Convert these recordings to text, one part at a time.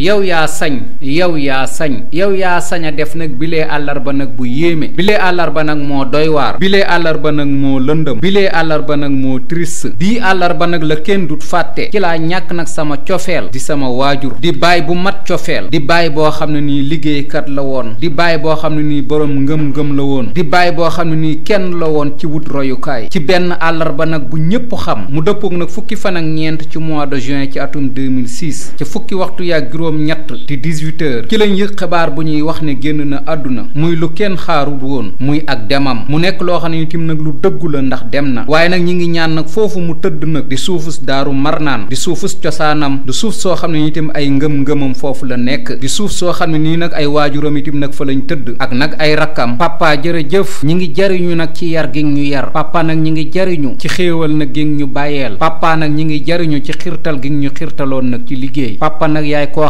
yow yaa sañ yow yaa sañ yow yaa sañ a def nag bilee àllarba nag bu yéeme bilee àllarba nag moo doy waar bilee àllarba nag moo lëndëm bilee àllarba nag moo triste bii àllarba nag la kenn du fàtte ci laa ñàkk nag sama cofeel di sama waajur di baay bu mat cofeel di baay boo xam ne nii liggéeykat la woon di baay boo xam ne nii boroom ngëm-ngëm la woon di baay boo xam ne nii kenn la woon ci wut royukaay ci benn àllarba nag bu ñépp xam mu dëppook nag fukki fan ag ñeent ci mois de juin ci atum 2006 ci fukki waxtu yàgg juróom-ñett di 18 heures ci lañ xabaar xibaar bu ñuy wax ne génn na àdduna muy lu kenn xaarul woon muy ak demam mu nekk loo xam ne itam nag lu dëggu ndax dem na waaye nag ñi ngi ñaan nag foofu mu tëdd nag di suufus daaru marnaan di suufus cosaanam di suuf soo xam ne itam ay ngëm-ngëmam foofu la nekk di suuf soo xam ne nii nag ay waajuram itam nag fa lañ tëdd ak nag ay rakkam papa jëf ñi ngi jariñu nag ci yar gi ñu yar papa nag ñi ngi jariñu ci xéewal nag gi ñu bàyyeel papa nag ngi jariñu ci xirtal gi ñu xirtaloon nag ci liggéey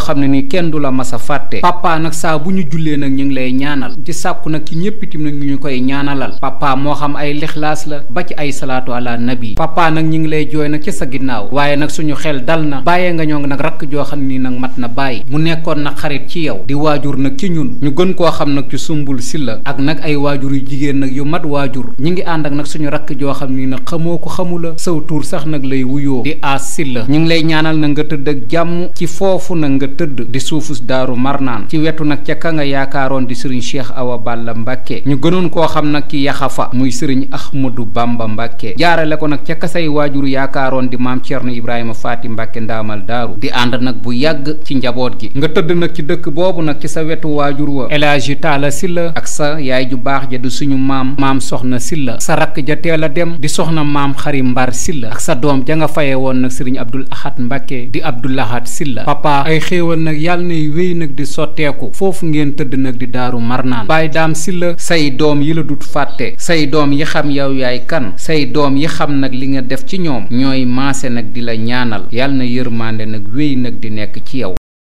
xam ne ni kenn du la mas a fàtte nag saa bu ñu jullee nag ñu ngi lay ñaanal di sàkku nag ci ñépp itam nag ñu koy ñaanalal papa moo xam ay lixlaas la ba ci ay salaatu ala nabi papa nag ñu ngi lay jooy nag ci sa ginnaaw waaye nag suñu xel dal na bàyyee nga ñoo nag rakk joo xam ni nag mat na bàyyi mu nekkoon nag xarit ci yow di waajur nag ci ñun ñu gën koo xam nag ci sumbul silla ak nag ay waajur yu jigéen nag yu mat waajur ñi ngi ànd ak nag suñu rakk joo xam ni nag xamoo ko xamu la sax nag lay wuyoo di aas si ñu ngi lay ñaanal na nga tëdd ak jàmm ci foofu na nga tëdd di suufus daaru marnaan ci wetu nag ca ka nga yaakaaroon di sëriñ cheikh awa balla mbàkke ñu gënoon koo xam nag ci yaxa fa muy sëriñ ahmadu bamba mbàkke jaarale ko nag ca kasay waajur yaakaaroon di maam cerno ibrahima faati mbàkke ndaamal daaru di ànd nag bu yàgg ci njaboot gi nga tëdd nag ci dëkk boobu nag ci sa wetu waajur wa El Hadji Talla Sylla ak sa yaay ju baax ja du suñu maam maam soxna silla sa rakk ja teel a dem di soxna maam xari mbar Sylla sa doom ja nga faye woon nag sëriñ abdul ahad mbàkke di abdul ahad Sylla xéewal nag yàlla nay wéy nag di sotteeku foofu ngeen tëdd nag di daaru marnaan bàyyi daam si la say doom yi la dut fàtte say doom yi xam yow yaay kan say doom yi xam nag li nga def ci ñoom ñooy maase nag di la ñaanal yal na yërmande nag wéy nag di nekk ci yow